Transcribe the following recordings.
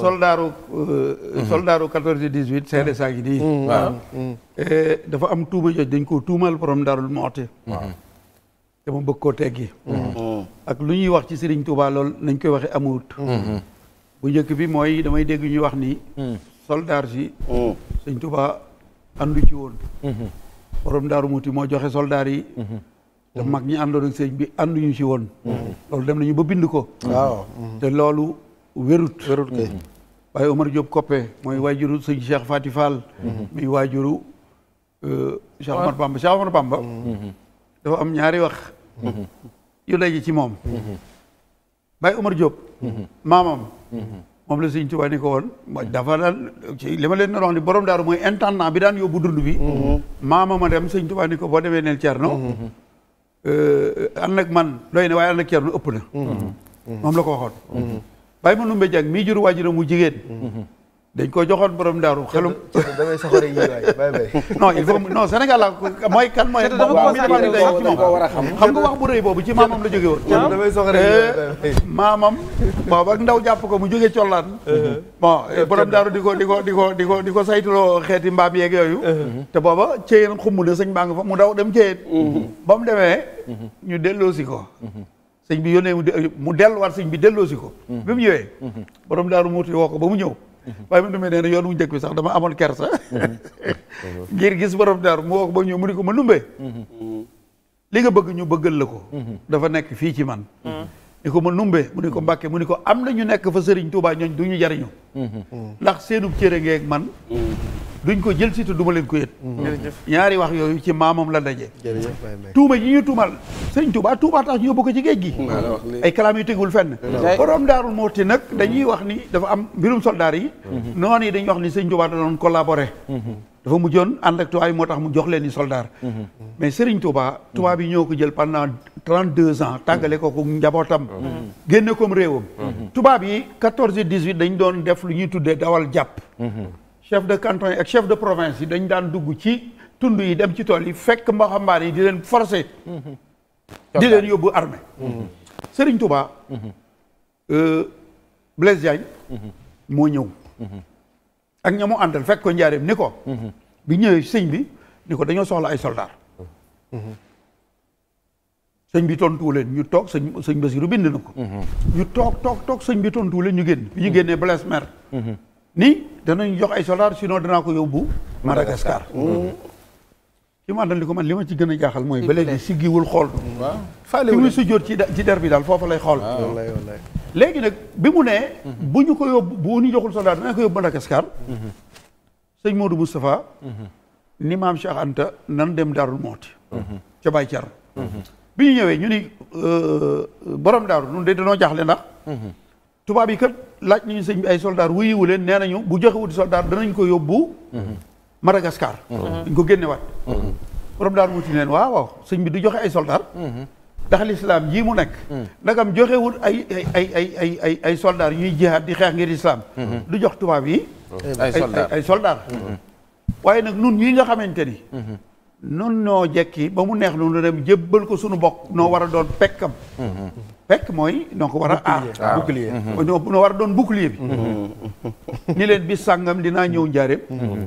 soldaaru mhm. euh, soldaaru 14 18 seede saa ngi nii waaw mhm. Mhm. Eh, dafa am tuuma jooj dañ koo tuumal borom daarul mooti te mu bëgg koo teggi ak lu ñuy wax ci Serigne Touba lool nañ koy waxe amut bu njëkk bi mooy damay dégg ñuy wax ni soldaar si oh. Serigne Touba àndu ci woon borom daaru muuti moo joxe soldaar yi te mag ñi àndoon ak sëñ bi ànduñu ci woon loolu dem nañu ba bind ko te loolu wérut wérut kay mm-hmm. waaye Omar Koppe mooy mm-hmm. waajuru sëñ Cheikh Fati Fall mm-hmm. muy waajuru euh, Cheikh Omar Bamba Cheikh Omar Bamba dafa am ñaari wax yu daje ci moom Baye Omar Diop maamam moom la sëñ Tuubaa ko woon dafa daan ci li ma leen doon wax ni borom daaru mooy intendant bi daan yóbbu dund bi maamama dem sëñ Tuubaa boo demee neel Cerno euh, ànd ak man doy na waaye ànd ak Cerno ëpp na moom la ko waxoon bàyyi ma Ndoumbé Diagne mii jur waajuram mu jigéen. Mm-hmm. dañ koo joxoon borom daaru xelum. damay il faut non Sénégal la mooy kan mooy. dafa ko war xam xam nga wax bu rëy boobu ci maamam la jóge woon. damay soxore yi eh, maamam. waaw ak ndaw jàpp ko mu jóge collaan. Mm-hmm. bon eh, eh, borom di ko di ko di ko di ko di ko saytuloo xeeti mbaam yeeg yooyu. Mm-hmm. te booba ceeyeen xumb na sëñ baa nga fa mu daw dem ceeyeen. ba mu demee. ñu delloosi ko. sëñ bi yónnee mu mu delluwaat sëñ bi delloosi ko mhm. bi mu ñëwee mhm. borom daaru muuti woo ko ba mu ñëw mhm. waaye man dumee nee na yoon wu njëkk bi sax dama amoon kersa ngir gis borom daaru mu woo ko ba mu ñëw mu ni ko ma numbee li nga bëgg ñu bëggal la ko dafa nekk fii ci man ni ko ma numbee mu ni ko mbàkke mu ni ko am na ñu nekk fa sëriñ Tuubaa ñooñ du ñu jariñu ndax seenub cëre ngeeg man duñ ko jël si te du ma leen ko yët ñaari wax yooyu ci maamam la daje tuuma yi ñu tuumal sëñ Tuubaa Tuubaa tax ñu yóbbu ko ci géej gi ay kalaam yu tegul fenn borom daarul mooti nag dañuy wax ni dafa am mbirum soldaar yi mhm. noonu yi dañuy wax ni sëñ Tuubaa da doon mhm. yi moo mhm. ko jël pendant trente deux ans tàggale ko ku njabootam génne koom réewam tubaab yi dañ doon def lu ñuy tuddee dawal jàpp chef de canton yi ak chef de province yi dañ daan dugg ci tund yi dem ci tool yi fekk mbaxambaane yi di leen forcer. di leen yóbbu armée mhm. Serigne Touba. Mhm. Euh, Blaise Diagne. Mhm. moo ñëw. ak ña mu àndal fekk ko njaareem ni ko. bi ñëwee sëñ bi ni ko dañoo soxla ay soldaar. sëñ bi tontuwu leen ñu toog sëñ sëñ Basiru bind na ko. ñu bi tontuwu leen ñu génn. bi ñu génnee Blaise Mer. ni danañ jox ay soldats sinon danaa ko yóbbu. Madagascar ci mm. mm. ma li ko man li ma ci gën a jaaxal mooy. ba léegi siggiwul xool. waaw faale ci ci der bi daal foofu lay xool. léegi nag bi mu nee. Mm-hmm. bu ñu ko yóbbu bu ñu joxul soldat danañ ko yóbbu Madagascar. Mm-hmm. sëñ Modou Moustapha. Mm-hmm. ni maam Cheikh Anta nan dem Darou Mouhty. ca Baye Thierno. ñu ñëwee ñu ni euh, borom Darou ñun de danoo jaaxle ndax. tubaab yi kat laaj ñu sëñ bi ay soldaar wuyuwu leen nee nañu bu joxewut soldaar danañ ko yóbbu Madagascar mhm. dañ ko génne génnewaat mhm. borom daar wuti leen waaw waaw sëñ bi du joxe ay soldaar mhm. ndax lislaam jii mu nekk ndagam joxewut ay ay ay ay ay ay soldaar yuy jihaad di xeex ngir lislaam du jox tubaab yi ay soldaar waaye nag nun ñi nga xamante ni nun noo jekki ba mu neex lu dem jébbal ko suñu bokk noo war a doon pekkam pekk mooy noo ko war a ah. Ah. war doon bouclier bi mm-hmm. ni leen bis sàngam dinaa ñëw njaareem mm-hmm.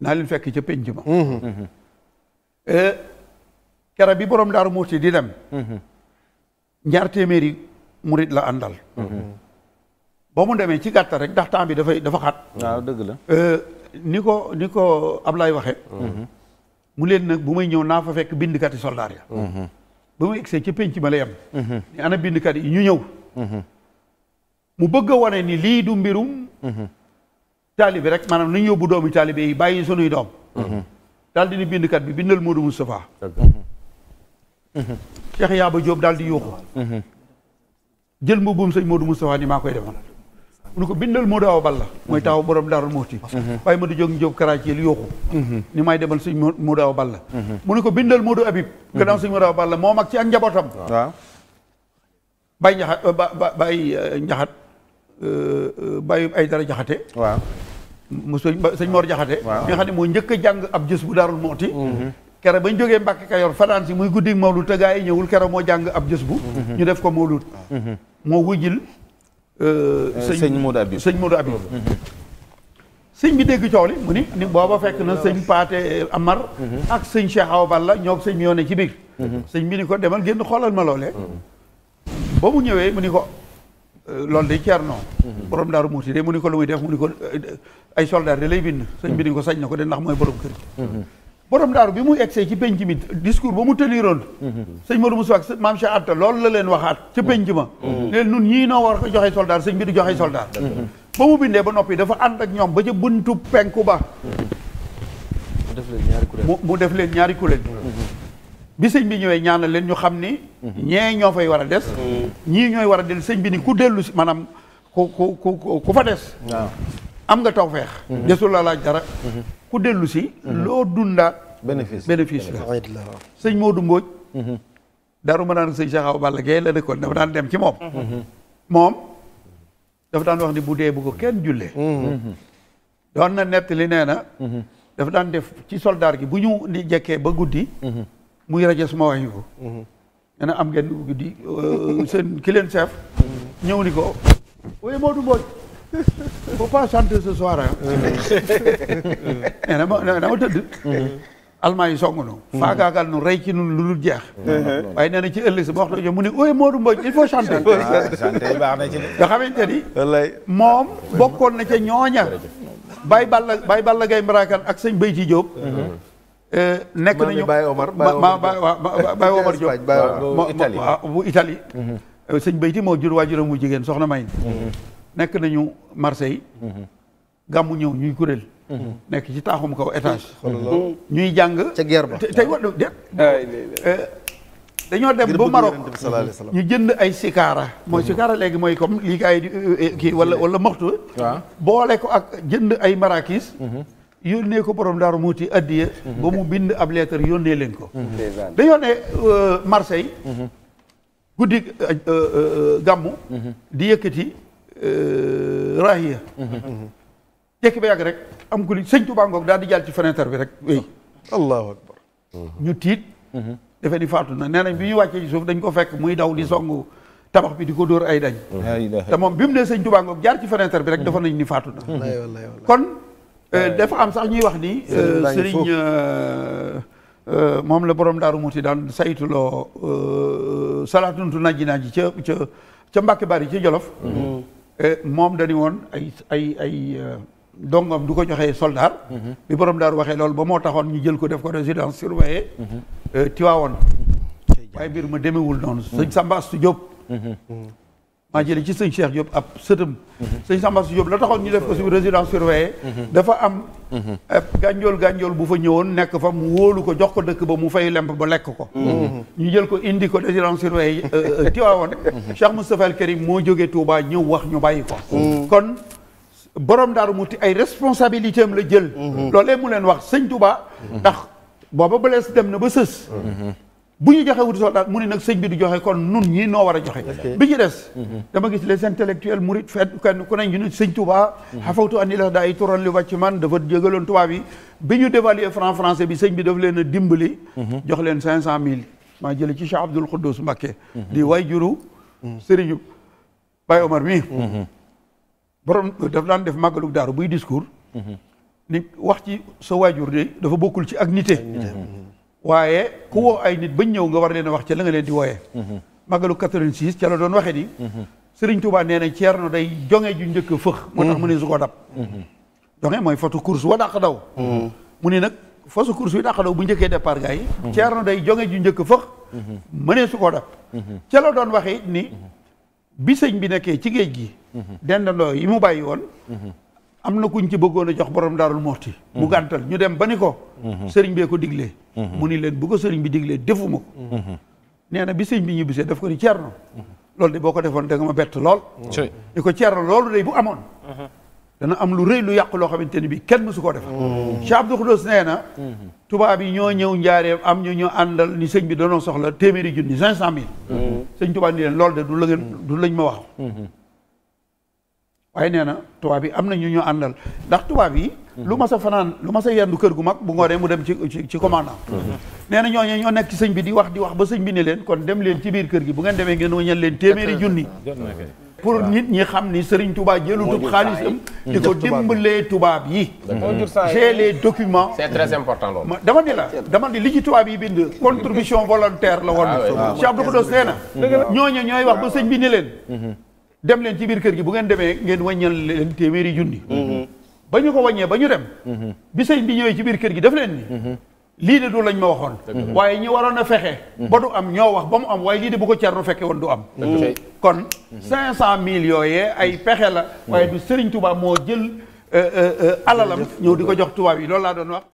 naa leen fekk ca penc ma mm-hmm. eh, kera bi borom daaru ci di dem ñaar téeméeri murit la àndal ba mu demee ci gàttal rek ndax temps bi dafay dafa xat waaw ah, la eh, ni ko ni ko Ablaay waxe mu leen nag bu may ñëw naa fa fekk bindkati soldaar ya mhm. ba ma egsee ca pénc ma la yem mhm. ni ana bindkat yi ñu ñëw mhm. mu bëgg a wane ni lii du mbirum taalibi rek maanaam nañ yóbbu doomi taalibe yi bàyyi sunuy doom daal di ni bindkat bi bindal Modou Moustapha Cheikh Yaaba Diop daal di yuuxu jël mbubbum sëñ Modou Moustapha ni maa koy demal mu ne ko bindal Modou Awa Balla mooy taaw borom Daaru Muxti mhm. Mhm. waaye ma di jóg Jóob Karaaceel yooxu mhm. ni may demal sëñ Modou Awa Balla mu ne ko bindal Modou Habib gannaaw sëñ Modou Awa Balla moo mag ci ak njabootam waaw bàyyi njaxat bay njaxat bàyyi ay dara jaxate waaw mu sëñ sëñ Mor jaxate mi nga xam njëkk a jàng jës bu Daarul Muxti bañ jógee Mbàkke Kajoor fanaan si muy guddi mawlud te gaa yi ñëwul kere moo jàng ab jës bu ñu def ko mawlud moo wujjil Euh, euh, sëñ Modou Abib sëñ Modou Abib mhm. sëñ bi dégg coow li mu ni ni booba fekk na sëñ Paate Amar mhm. ak sëñ Cheikh Balla ñoo sëñ bi ñoo ci biir mhm. sëñ bi ni ko demal génn xoolal ma loolee ba mu ñëwee mu ni ko euh, loolu day Ceerno borom daaru muuti de mu ni ko lu muy def mu ni ko ay soldat de lay bind sëñ bi ni ko sañ na ko de ndax mooy borom kër borom daaru bi mu egsee ci penc mi discours ba mu tëniroon sëñ Modou Moussa ak maam Cheikh Anta lool la leen waxaat ca penc ma leen nun ñii noo war joxe soldaar sëñ bi du joxe soldaar ba mu bindee ba noppi dafa ànd ak ñoom ba ca buntu penku ba mu def leen ñaari kuréel bi sëñ bi ñëwee ñaanal leen ñu xam ni ñee ñoo fay war a des ñii ñooy war a dell sëñ bi ni ku dellu si maanaam ku ku ku ku fa des am nga tawfeex mhm. desul la laaj dara mhm. ku dellu si. Mhm. loo dundaat. bénéfice bénéfice la sëñ Modou Mbodj. Mhm. daaru ma naan sëñ Cheikh Awa Balla Gaye la dëkkoon dafa daan dem ci moom. Mhm. moom dafa daan wax ni bu dee bu ko kenn jullee. doon na nettali nee na. dafa daan def ci soldaar gi bu ñu di jekkee ba guddi. muy rajo suma wàññi ko. nee na am ngeen guddi euh, seen ki leen ñëw ni ko. ooy Modou Mbodj. faut pas chanter ce soir ah. Eh, mais dama tëdd. Mm-hmm. almaa yi song nu. Mm-hmm. nu rey ci nu lu dul jeex. Mm-hmm. waaye nee na ci ëllëg si ba waxtu mu ne ooy Modou Mbodj ah, ci de. nga xamante ni. wallaay moom na ca ñooña. Baye Balla Baye Balla Gaye Mbarakan ak sëñ Béyti Diop. Eh, nekk nañu Baye Omar Baye Omar bu Italie. sëñ Béyti moo jur waajuram mu jigéen soxna May. nekk nañu Marseille. Mhm. gàmmu ñëw ñuy kuréel. Mhm. nekk ci taaxum kaw étage. Mhm. ñuy jàng. ca guerre ba tey wa de. Euh, dañoo dem ba Maroc ñu jënd ay sikaara mooy sikaara léegi mooy comme lii kaay euh, euh, kii wala wala moxtu. boole ko ak jënd ay marakiis yónnee ko borom daaru muuti addiya ba mu bind ab lettre yónnee leen ko. dañoo ne Marseille. guddi gàmmu. di yëkkati. Euh, rahiya jekki ba yàgg rek am ku li sëñ Tuubaa ngoog daal di jaal ci fenêtre bi rek wéy akbar ñu tiit defe ni faatu na nee bi ñu wàccee ci suuf dañ ko fekk muy daw di song tabax bi di ko dóor ay dañ te moom bi mu ne sëñ Tuubaa ngoog jaar ci fenêtre bi rek dafa nañ ni faatu na kon euh, dafa am sax ñuy wax ni sëriñ euh, moom la borom daaru muti daan saytuloo salaatuntu najji naa ji ca ca ca Mbàkke Bari ca Jolof mm-hmm. Euh, moom dañu woon ay ay ay euh, dongom du ko joxee soldaar mhm. bi borom daaru waxee loolu ba moo taxoon ñu jël ko def ko résidence surveillée mhm. euh, Tiwaawoon waaye mbir ma demewul noonu sëñ Samba su Diop maa jëlee ci sëñ Cheikh Diop ab sëtëm. Mhm. sëñ Samba si Diop la taxoon ñu def ko si résidence surveillée. Mhm. dafa am. Mhm. gànjool gànjool bu fa ñëwoon nekk fa mu wóolu ko jox ko dëkk ba mu fay lemp ba lekk ko. ñu jël ko indi ko résidence surveillée euh, euh, euh, Tiwaawoon. Cheikh Moustapha Al Karim moo jógee Touba ñëw wax ñu bàyyi ko. kon borom daaru muti ay responsabilité am la jël. loolee mu leen wax sëñ Touba. ndax booba Blaise dem na ba sës. bu ñu joxe wut soldat mu ne nag sëñ bi du joxe kon nun ñii noo war a joxe bi ci des mhm. dama gis les intellectuels murit fet kenn ku ne ñu ne sëñ Touba xafawtu mhm. an ila daa yi turan li wàcc man dafa jégaloon tubaab bi ñu dévaluer franc français bi sëñ bi daf leen a dimbali mhm. jox leen cinq cent mille ma jële ci Cheikh Abdoul Khoudous Mbacké di way juru sëriñu Baye Omar mii borom daf daan def màggalug daaru buy discours ni wax ci sa waajur de dafa bokkul ci ak nité waaye ku woo ay nit bañ ñëw nga war leen wax ca la nga leen di wooyee màggalu mhm. 86 ca la doon waxee ni mhm. Sëriñ Tuubaa nee na Ceerno day jonge njëkk a fëx moo tax mu ne su mhm. mooy fotu course wa dàq daw mu ne nag fosu course yi dàq bu njëkkee départ gars yi Ceerno day jonge ju njëkk a fëx ca la doon waxee it ni bi sëñ bi nekkee ci géej gi dendandoo yi mu bàyyi woon am na kuñ ci bëggoon a jox borom lu moxti mu mhm. gàntal ñu dem ba ni ko mhm. sëriñ bee ko diglee mhm. mu ni leen bu ko sëriñ bi diglee defuma ko nee na bi sëriñ bi ñibbisee daf ko ni ceerno loolu de boo ko defoon da nga ma bett lool ko ceerno loolu day bu amoon dana am lu rëy lu yàqu loo xamante ni bi kenn mësu koo defar Cheikh Abdou Khoudous nee na tubaab yi ñoo ñëw njaareem am ñu ñoo sëñ bi danoo soxla téeméeri junni cinq cent mille sëñ tubaab ni leen loolu de du la du lañ ma wax waaye nee na tubaab am na ñu ñu àndal ndax tubaab yi. lu ma sa fanaan lu ma sa yendu kër gu mag bu ngoonee mu dem ci ci ci commandant. nee na ñoo nekk ci bi di wax di wax ba sëñ bi ne leen kon dem leen ci biir kër gi bu ngeen demee ngeen wañal leen téeméeri junni. pour nit ñi xam ni Serigne Touba jëlutub xaalisam. di ko dimbalee tubaab yi. j'ai les documents. c'est très important loolu. dama ni dama li ci tubaab yi bind. contribution volontaire la woon. waaw waaw waaw Cheikh Abdou Khoudoss nee na. ñooñu ñooy wax ba sëñ bi ne leen. Mhm. dem leen ci biir kër gi bu ngeen demee ngeen wàññal leen téeméeri junni mm-hmm. ba ñu ko wàññee ba ñu dem mm-hmm. bi sëñ bi ñëwee ci biir kër gi daf leen ni mm-hmm. lii de du lañ ma waxoon waaye ñi waroon a fexe ba du am ñoo wax ba mu am waaye lii de bu ko cernu fekke woon du am kon cinq cent mille yooyee ay pexe la waaye du Sëriñ Tuubaa moo jël euh, euh, euh, alalam ñëw di ko jox tubaab yi loolu laa doon wax